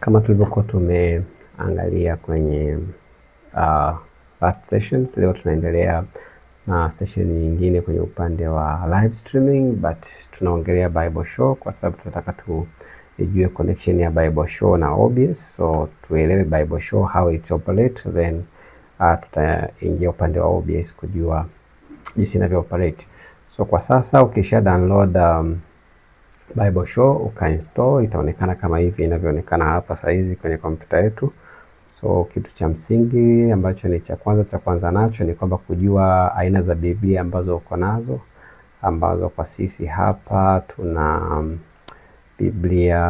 Kama tulivyokuwa tumeangalia kwenye uh, last sessions, leo tunaendelea na uh, session nyingine kwenye upande wa live streaming, but tunaongelea Bible Show kwa sababu tunataka tujue connection ya Bible Show na OBS, so tuelewe Bible Show how it operate, then uh, tutaingia upande wa OBS kujua jinsi inavyo operate. So kwa sasa ukisha download um, Bible Show ukainstall, itaonekana kama hivi inavyoonekana hapa saizi kwenye kompyuta yetu. So kitu cha msingi ambacho ni cha kwanza cha kwanza nacho ni kwamba kujua aina za Biblia ambazo uko nazo, ambazo kwa sisi hapa tuna mm, Biblia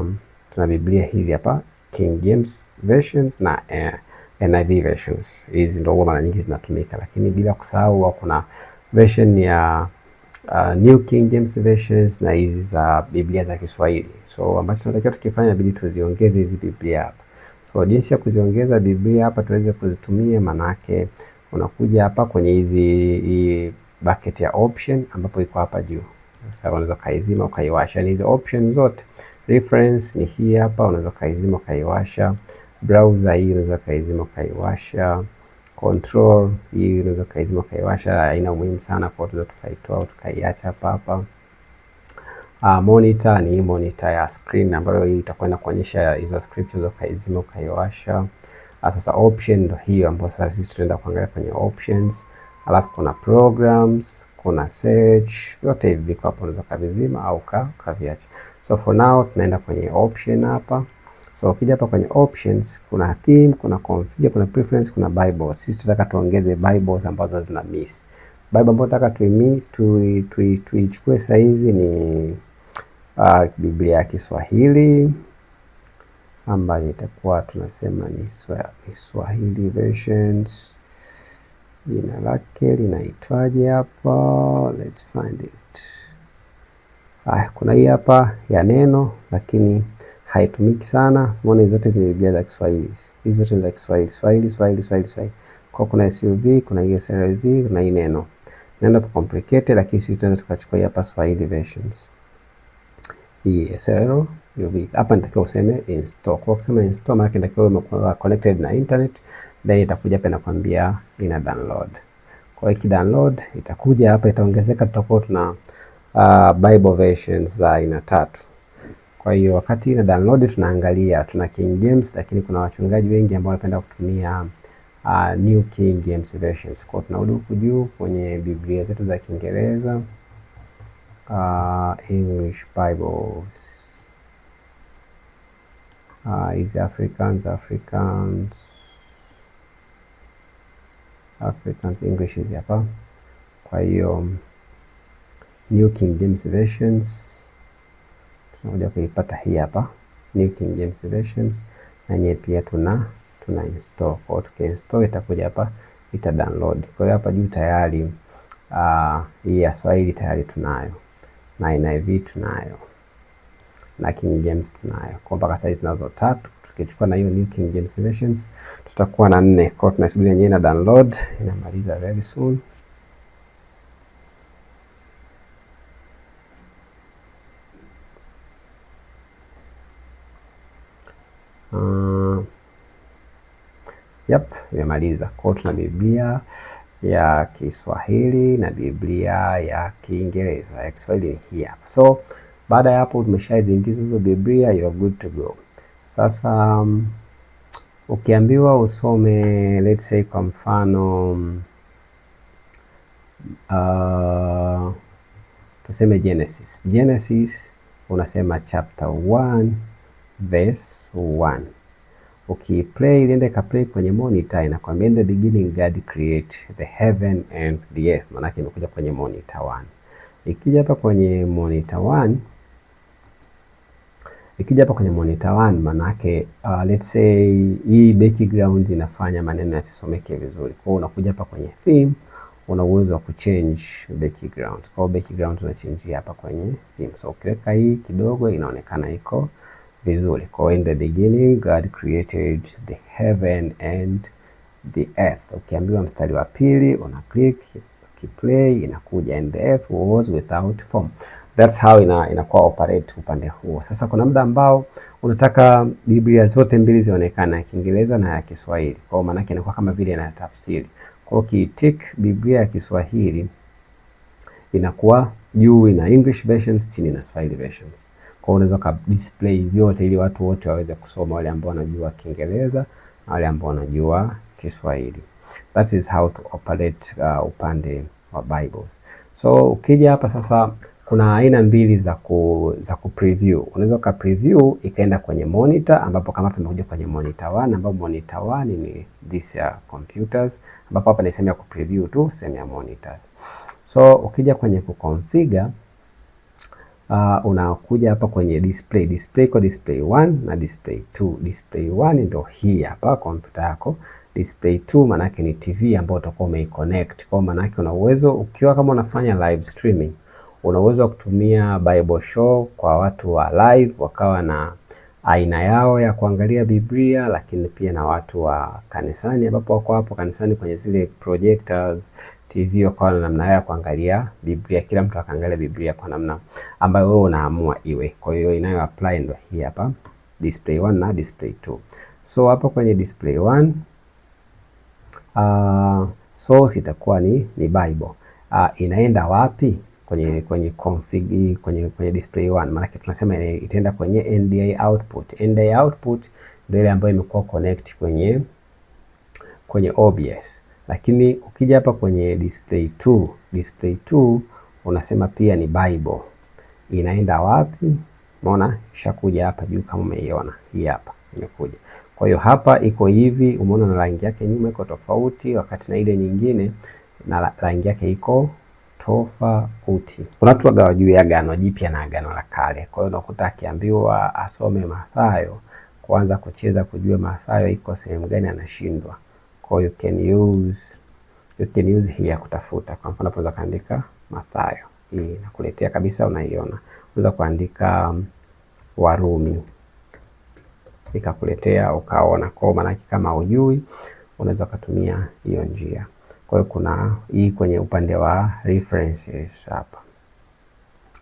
mm, tuna Biblia hizi hapa King James versions na eh, NIV versions. Hizi ndio mara nyingi zinatumika, lakini bila kusahau kuna version ya Ah, New King James versions na hizi za Biblia za Kiswahili. So ambacho tunatakiwa tukifanya bidi tuziongeze hizi Biblia hapa. So jinsi ya kuziongeza Biblia hapa tuweze kuzitumia, manake unakuja hapa kwenye hizi bucket ya option ambapo iko hapa juu. Sasa unaweza kaizima ukaiwasha, hizi option zote. Reference ni hii hapa, unaweza kaizima ukaiwasha. Browser hii unaweza kaizima ukaiwasha control hii unaweza kaizima kaiwasha, haina umuhimu sana kwa tunaweza tukaitoa tukaiacha hapa hapa. Uh, monitor ni monitor ya screen ambayo hii itakwenda kuonyesha hizo script hizo, kaizima Uh, ah, Sasa option ndio hiyo ambayo sasa sisi tunaenda kuangalia kwenye options, alafu kuna programs, kuna search, vyote hivi viko hapo, unaweza kavizima au ka kaviacha. So for now tunaenda kwenye option hapa So ukija hapa kwenye options kuna theme, kuna configure, kuna preference, kuna Bible. Sisi tunataka tuongeze Bibles ambazo zina miss. Bible ambayo tunataka tu miss tu tuichukue sasa hizi ni uh, Biblia ya Kiswahili ambayo itakuwa tunasema ni Swahili versions. Jina lake linaitwaje hapa? Let's find it. Ah, kuna hii hapa ya neno lakini haitumiki sana. Umeona zote zinaibia za Kiswahili, Hizo zote ni za Kiswahili, Swahili, Swahili, Swahili, Swahili. Kwa kuna SUV, kuna SLV, kuna hii neno. Naenda kwa complicated, lakini sisi tunaweza tukachukua hapa Swahili versions. Hii SL UV. Hapa nitakiwa useme install. Kwa kusema install maana nitakiwa umekuwa uh, connected na internet, then itakuja hapa inakwambia ina download. Kwa hiyo iki download itakuja hapa itaongezeka, tutakuwa tuna uh, Bible versions za uh, aina tatu. Kwa hiyo wakati ile download tunaangalia tuna King James, lakini kuna wachungaji wengi ambao wanapenda kutumia uh, New King James versions. Kwa tunarudi huku juu kwenye Biblia zetu za Kiingereza uh, English Bibles uh, ah, is Africans Africans Africans English hizi hapa. Kwa hiyo New King James versions Unakuja kuipata hii hapa New King James Versions, na yenyewe pia tuna tuna install. Kwa hiyo tukiinstall itakuja hapa ita download. Kwa hiyo hapa juu tayari uh, hii ya Swahili tayari tunayo na NIV tunayo na King James tunayo. Kwa mpaka sasa tunazo tatu. Tukichukua na hiyo New King James Versions tutakuwa na nne. Kwa hiyo tunasubiri yenyewe ina download, inamaliza very soon. Yep, imemaliza. Kwa hiyo tuna Biblia ya Kiswahili na Biblia ya Kiingereza. Ya Kiswahili ni hii hapa. So baada ya hapo umeshaziingiza hizo Biblia, you are good to go. Sasa um, ukiambiwa usome let's say kwa mfano uh, tuseme Genesis. Genesis unasema chapter 1 verse 1 ukiplay ilienda ikaplay kwenye monitor, inakwambia in the beginning God create the heaven and the earth, maanake imekuja kwenye monitor 1. Ikija hapa kwenye monitor one, ikija hapa kwenye monitor 1 manake, uh, let's say hii background inafanya maneno yasisomeke vizuri. Kwa hiyo unakuja hapa kwenye theme, una uwezo wa kuchange background. Kwa hiyo background unachange hapa kwenye theme, so ukiweka hii kidogo inaonekana iko vizuri. Kwa in the beginning God created the heaven and the earth. Ukiambiwa mstari wa pili una click ukiplay inakuja and the earth was without form. That's how ina inakuwa operate upande huo. Sasa kuna muda ambao unataka Biblia zote mbili zionekane, ya Kiingereza na ya Kiswahili. Kwa maana yake inakuwa kama vile ina tafsiri. Kwa ki tick Biblia ya Kiswahili inakuwa juu ina English versions, chini na Swahili versions. Kwa unaweza ka display vyote ili watu wote waweze kusoma, wale ambao wanajua Kiingereza na wale ambao wanajua Kiswahili. That is how to operate uh, upande wa Bibles. So ukija hapa sasa kuna aina mbili za ku, za ku preview. Unaweza ka preview ikaenda kwenye monitor ambapo kama hapa imekuja kwenye monitor 1 ambapo monitor 1 ni this ya uh, computers ambapo hapa ni sehemu ya ku preview tu, sehemu ya monitors. So ukija kwenye ku configure uh, unakuja hapa kwenye display. Display kwa display 1 na display 2. Display 1 ndo hii hapa kompyuta yako. Display 2 manake ni TV ambayo utakuwa umeiconnect. Kwa maana yake una uwezo ukiwa kama unafanya live streaming, una uwezo wa kutumia Bible show kwa watu wa live wakawa na aina yao ya kuangalia Biblia, lakini pia na watu wa kanisani ambapo wako hapo kanisani kwenye zile projectors TV, wakawa na namna yao ya kuangalia Biblia. Kila mtu akaangalia Biblia kwa namna ambayo wewe unaamua iwe. Kwa hiyo inayo apply ndo hii hapa display 1 na display 2. So hapa kwenye display 1 uh, source itakuwa ni, ni Bible. Uh, inaenda wapi? kwenye kwenye config kwenye kwenye display 1, maana tunasema itaenda kwenye NDI output. NDI output ndio ile ambayo imekuwa connect kwenye kwenye OBS. Lakini ukija hapa kwenye display 2, display 2 unasema pia ni Bible. Inaenda wapi? Umeona ishakuja hapa juu kama umeiona. Hii hapa imekuja. Kwa hiyo hapa iko hivi, umeona na rangi yake nyuma iko tofauti wakati na ile nyingine na rangi yake iko tofauti. Kuna watu wagawa juu ya Agano Jipya na Agano la Kale. Kwa hiyo unakuta akiambiwa asome Mathayo, kuanza kucheza kujua Mathayo iko sehemu gani, anashindwa. Kwa hiyo you can use, you can use ya kutafuta. Kwa mfano unaweza kaandika Mathayo, hii nakuletea kabisa, unaiona. Unaweza kuandika um, Warumi ikakuletea ukaona. Kwa maana kama ujui, unaweza ukatumia hiyo njia. Kwa hiyo kuna hii e kwenye upande wa references hapa,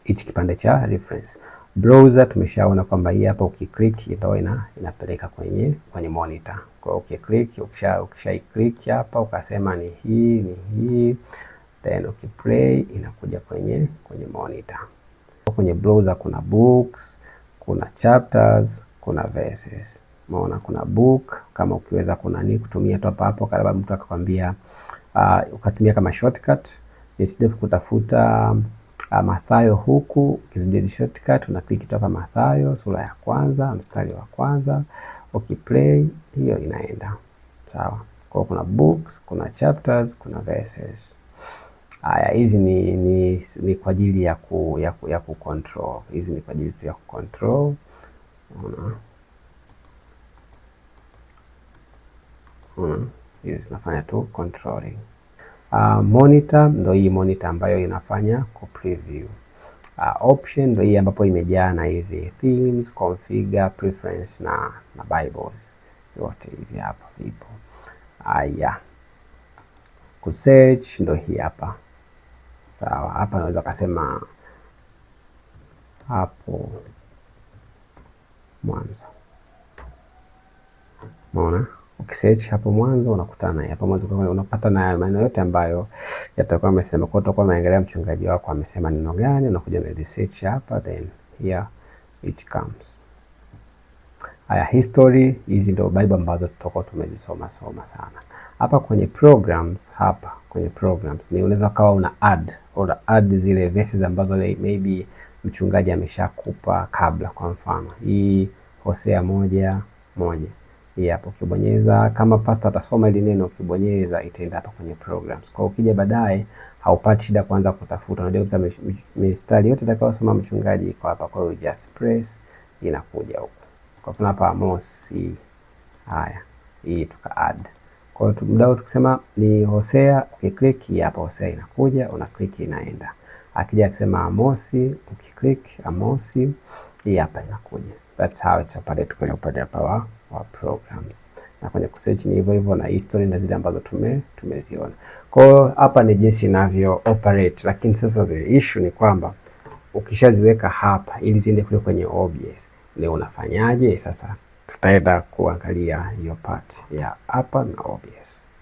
hichi kipande cha reference browser tumeshaona kwamba hii hapa ukiklik ndio ina, inapeleka kwenye kwenye monitor. Kwa hiyo ukiklik, ukisha ukisha click hapa ukasema ni hii ni hii, then ukiplay inakuja kwenye kwenye monitor. Kwenye browser kuna books, kuna chapters, kuna verses. Maona kuna book kama ukiweza kuna ni kutumia tu hapa hapo, kama mtu akakwambia uh, ukatumia kama shortcut. It's dev kutafuta uh, Mathayo huku ukizidi shortcut una click toka Mathayo sura ya kwanza mstari wa kwanza ukiplay hiyo inaenda sawa. Kwa kuna books, kuna chapters, kuna verses. Haya, hizi ni, ni, ni kwa ajili ya ku, ya ku, ya ku control. Hizi ni kwa ajili tu ya ku control. Unaona? Unaona? Hmm hizi zinafanya tu controlling. Uh, monitor ndo hii monitor ambayo inafanya ku preview. Uh, option ndo hii ambapo imejaa na hizi themes, configure, preference na na bibles yote hivi hapa vipo. Haya, ah, ku search ndo hii hapa sawa. So, Hapa naweza kusema hapo mwanzo, umeona ukisearch hapo mwanzo unakutana naye hapo mwanzo, unapata na maneno yote ambayo yatakuwa amesema. Kwa utakuwa umeangalia mchungaji wako amesema neno gani, unakuja na research hapa, then here it comes. Haya, history. Hizi ndio Bible ambazo tutakuwa tumezisoma soma sana hapa kwenye programs. Hapa kwenye programs ni unaweza kawa una add or add zile verses ambazo maybe mchungaji ameshakupa kabla. Kwa mfano hii Hosea moja moja hii hapa. Ukibonyeza kama pasta atasoma ile neno, ukibonyeza itaenda hapa kwenye programs. Kwa ukija baadaye haupati shida kwanza kutafuta. Unajua kabisa mistari yote atakayosoma mchungaji iko hapa, kwa hiyo just press inakuja huko. Kwa mfano hapa Amos, haya hii tuka add. Kwa hiyo muda tukisema ni Hosea, ukiklik hapa Hosea inakuja, una click inaenda. Akija akisema Amos, ukiklik Amos, hii hapa inakuja. That's how it's applied kwenye upande hapa wa wa programs. Na kwenye kusearch ni hivyo hivyo na history na zile ambazo tume tumeziona. Kwa hiyo hapa ni jinsi inavyo operate, lakini sasa the issue ni kwamba ukishaziweka hapa ili ziende kule kwenye OBS, leo unafanyaje sasa? Tutaenda kuangalia hiyo part ya hapa na OBS.